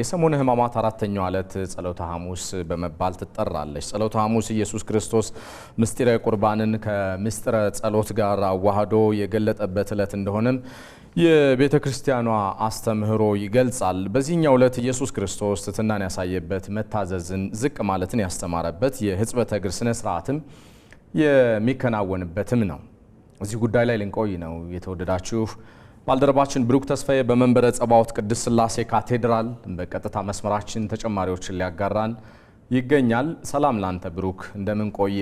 የሰሙነ ሕማማት አራተኛው ዕለት ጸሎተ ሐሙስ በመባል ትጠራለች። ጸሎተ ሐሙስ ኢየሱስ ክርስቶስ ምስጢረ ቁርባንን ከምስጢረ ጸሎት ጋር አዋህዶ የገለጠበት ዕለት እንደሆነም የቤተ ክርስቲያኗ አስተምህሮ ይገልጻል። በዚህኛው ዕለት ኢየሱስ ክርስቶስ ትሕትናን ያሳየበት፣ መታዘዝን ዝቅ ማለትን ያስተማረበት የሕጽበተ እግር ስነ ስርዓትም የሚከናወንበትም ነው። እዚህ ጉዳይ ላይ ልንቆይ ነው የተወደዳችሁ ባልደረባችን ብሩክ ተስፋዬ በመንበረ ጸባዖት ቅድስት ስላሴ ካቴድራል በቀጥታ መስመራችን ተጨማሪዎችን ሊያጋራን ይገኛል። ሰላም ላንተ ብሩክ፣ እንደምን ቆየ?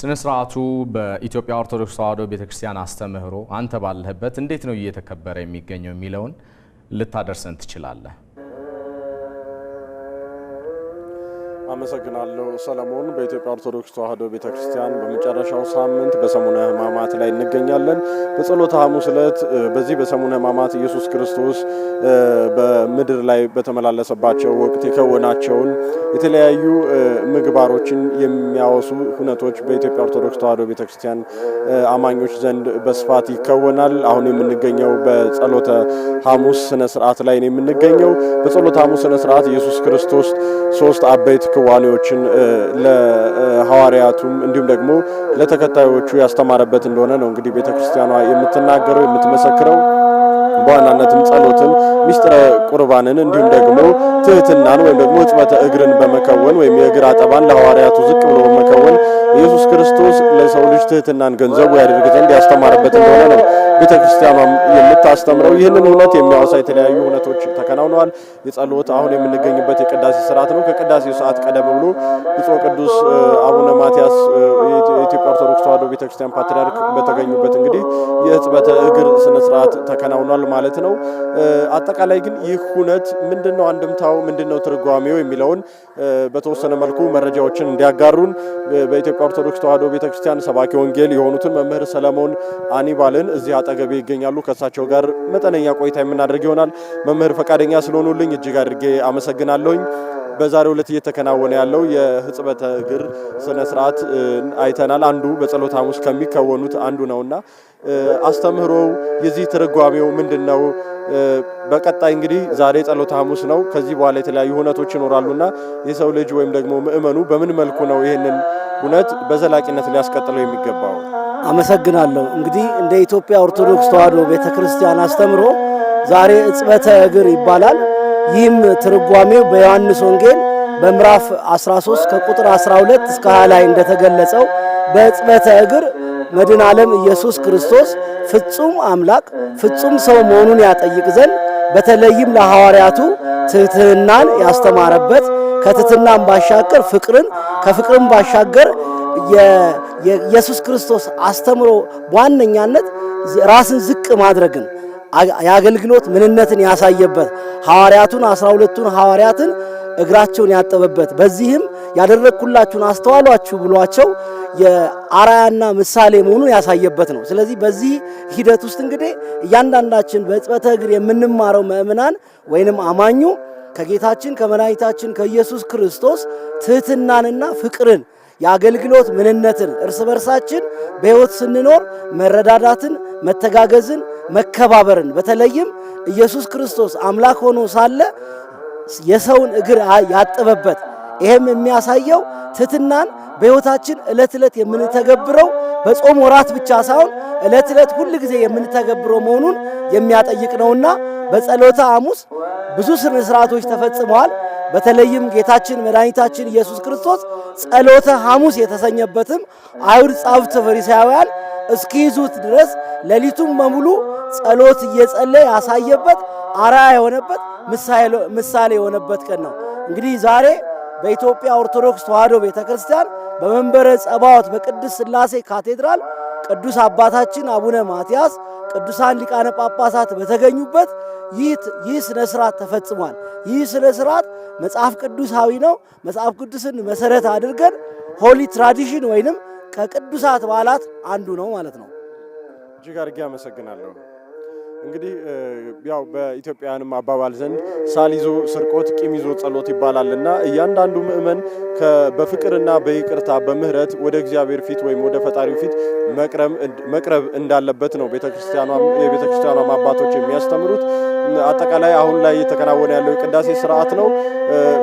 ስነ ስርዓቱ በኢትዮጵያ ኦርቶዶክስ ተዋህዶ ቤተክርስቲያን አስተምህሮ አንተ ባለህበት እንዴት ነው እየተከበረ የሚገኘው የሚለውን ልታደርሰን ትችላለህ? አመሰግናለሁ ሰለሞን። በኢትዮጵያ ኦርቶዶክስ ተዋሕዶ ቤተ ክርስቲያን በመጨረሻው ሳምንት በሰሙነ ሕማማት ላይ እንገኛለን። በጸሎተ ሐሙስ ዕለት በዚህ በሰሙነ ሕማማት ኢየሱስ ክርስቶስ በምድር ላይ በተመላለሰባቸው ወቅት የከወናቸውን የተለያዩ ምግባሮችን የሚያወሱ ሁነቶች በኢትዮጵያ ኦርቶዶክስ ተዋሕዶ ቤተ ክርስቲያን አማኞች ዘንድ በስፋት ይከወናል። አሁን የምንገኘው በጸሎተ ሐሙስ ስነ ስርዓት ላይ ነው የምንገኘው። በጸሎተ ሐሙስ ስነ ስርዓት ኢየሱስ ክርስቶስ ሶስት አበይት ክዋኔዎችን ለሐዋርያቱም እንዲሁም ደግሞ ለተከታዮቹ ያስተማረበት እንደሆነ ነው እንግዲህ ቤተ ክርስቲያኗ የምትናገረው የምትመሰክረው። በዋናነትም ጸሎትን፣ ሚስጥረ ቁርባንን እንዲሁም ደግሞ ትህትናን ወይም ደግሞ ሕጽበተ እግርን በመከወን ወይም የእግር አጠባን ለሐዋርያቱ ዝቅ ብሎ በመከወን ኢየሱስ ክርስቶስ ለሰው ልጅ ትህትናን ገንዘቡ ያደርግ ዘንድ ያስተማረበት እንደሆነ ነው ቤተ ክርስቲያኗም የምታስተምረው ይህንን እውነት የሚያወሳ የተለያዩ እውነቶች ተከናውነዋል። የጸሎት አሁን የምንገኝበት የቅዳሴ ስርዓት ነው። ከቅዳሴው ሰዓት ቀደም ብሎ ብፁዕ ቅዱስ አቡነ ማትያስ የኢትዮጵያ ኦርቶዶክስ ተዋህዶ ቤተክርስቲያን ፓትርያርክ በተገኙበት እንግዲህ የሕጽበተ እግር ስነ ስርዓት ተከናውኗል ማለት ነው። አጠቃላይ ግን ይህ ሁነት ምንድነው አንድምታው ምንድነው ትርጓሜው የሚለውን በተወሰነ መልኩ መረጃዎችን እንዲያጋሩን በኢትዮጵያ ኦርቶዶክስ ተዋህዶ ቤተክርስቲያን ሰባኪ ወንጌል የሆኑትን መምህር ሰለሞን አኒባልን እዚህ አጠገቤ ይገኛሉ። ከእሳቸው ጋር መጠነኛ ቆይታ የምናደርግ ይሆናል። መምህር ፈቃደኛ ስለሆኑልኝ እጅግ አድርጌ አመሰግናለሁኝ። በዛሬው ዕለት እየተከናወነ ያለው የሕጽበተ እግር ስነ ስርዓት አይተናል። አንዱ በጸሎተ ሐሙስ ከሚከወኑት አንዱ ነውና አስተምህሮው የዚህ ትርጓሜው ምንድን ነው? በቀጣይ እንግዲህ ዛሬ ጸሎተ ሐሙስ ነው። ከዚህ በኋላ የተለያዩ ሁነቶች ይኖራሉና የሰው ልጅ ወይም ደግሞ ምእመኑ በምን መልኩ ነው ይህንን ሁነት በዘላቂነት ሊያስቀጥለው የሚገባው? አመሰግናለሁ። እንግዲህ እንደ ኢትዮጵያ ኦርቶዶክስ ተዋሕዶ ቤተክርስቲያን አስተምህሮ ዛሬ ሕጽበተ እግር ይባላል። ይህም ትርጓሜው በዮሐንስ ወንጌል በምዕራፍ 13 ከቁጥር 12 እስከ 20 ላይ እንደተገለጸው በእጽበተ እግር መድን ዓለም ኢየሱስ ክርስቶስ ፍጹም አምላክ ፍጹም ሰው መሆኑን ያጠይቅ ዘንድ በተለይም ለሐዋርያቱ ትህትናን ያስተማረበት ከትህትናን ባሻገር ፍቅርን ከፍቅርን ባሻገር የኢየሱስ ክርስቶስ አስተምሮ በዋነኛነት ራስን ዝቅ ማድረግን የአገልግሎት ምንነትን ያሳየበት ሐዋርያቱን አስራ ሁለቱን ሐዋርያትን እግራቸውን ያጠበበት በዚህም ያደረግኩላችሁን አስተዋሏችሁ ብሏቸው የአራያና ምሳሌ መሆኑን ያሳየበት ነው። ስለዚህ በዚህ ሂደት ውስጥ እንግዲህ እያንዳንዳችን በሕጽበተ እግር የምንማረው ምእምናን ወይንም አማኙ ከጌታችን ከመድኃኒታችን ከኢየሱስ ክርስቶስ ትህትናንና ፍቅርን የአገልግሎት ምንነትን እርስ በርሳችን በሕይወት ስንኖር መረዳዳትን፣ መተጋገዝን መከባበርን በተለይም ኢየሱስ ክርስቶስ አምላክ ሆኖ ሳለ የሰውን እግር ያጠበበት ይሄም የሚያሳየው ትህትናን በሕይወታችን ዕለት ዕለት የምንተገብረው በጾም ወራት ብቻ ሳይሆን ዕለት ዕለት ሁል ጊዜ የምንተገብረው መሆኑን የሚያጠይቅ ነውና በጸሎተ ሐሙስ ብዙ ስነ ስርዓቶች ተፈጽመዋል። በተለይም ጌታችን መድኃኒታችን ኢየሱስ ክርስቶስ ጸሎተ ሐሙስ የተሰኘበትም አይሁድ ጻፍት ፈሪሳውያን እስኪይዙት ድረስ ሌሊቱም በሙሉ ጸሎት እየጸለየ ያሳየበት አርአያ የሆነበት ምሳሌ የሆነበት ቀን ነው። እንግዲህ ዛሬ በኢትዮጵያ ኦርቶዶክስ ተዋሕዶ ቤተ ክርስቲያን በመንበረ ጸባዖት በቅድስት ሥላሴ ካቴድራል ቅዱስ አባታችን አቡነ ማትያስ ቅዱሳን ሊቃነ ጳጳሳት በተገኙበት ይህ ስነ ስርዓት ተፈጽሟል። ይህ ስነ ስርዓት መጽሐፍ ቅዱሳዊ ነው። መጽሐፍ ቅዱስን መሰረት አድርገን ሆሊ ትራዲሽን ወይንም ከቅዱሳት በዓላት አንዱ ነው ማለት ነው። እጅግ አድርጌ አመሰግናለሁ። እንግዲህ ያው በኢትዮጵያውያንም አባባል ዘንድ ሳል ይዞ ስርቆት ቂም ይዞ ጸሎት ይባላልና እያንዳንዱ ምእመን በፍቅርና በይቅርታ በምህረት ወደ እግዚአብሔር ፊት ወይም ወደ ፈጣሪው ፊት መቅረብ እንዳለበት ነው የቤተክርስቲያኗም አባቶች የሚያስተምሩት። አጠቃላይ አሁን ላይ እየተከናወነ ያለው የቅዳሴ ስርዓት ነው።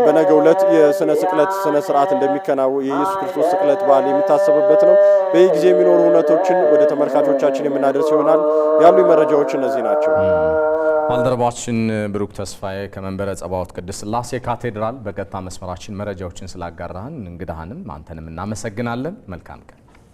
በነገው ዕለት የስነ ስቅለት ስነ ስርዓት እንደሚከናወን የኢየሱስ ክርስቶስ ስቅለት በዓል የሚታሰብበት ነው። በዚህ ጊዜ የሚኖሩ እውነቶችን ወደ ተመልካቾቻችን የምናደርስ ይሆናል። ያሉ መረጃዎች እነዚህ ናቸው። ባልደረባችን ብሩክ ተስፋዬ ከመንበረ ጸባዖት ቅድስት ስላሴ ካቴድራል በቀጥታ መስመራችን መረጃዎችን ስላጋራህን እንግዳህንም አንተንም እናመሰግናለን። መልካም ቀን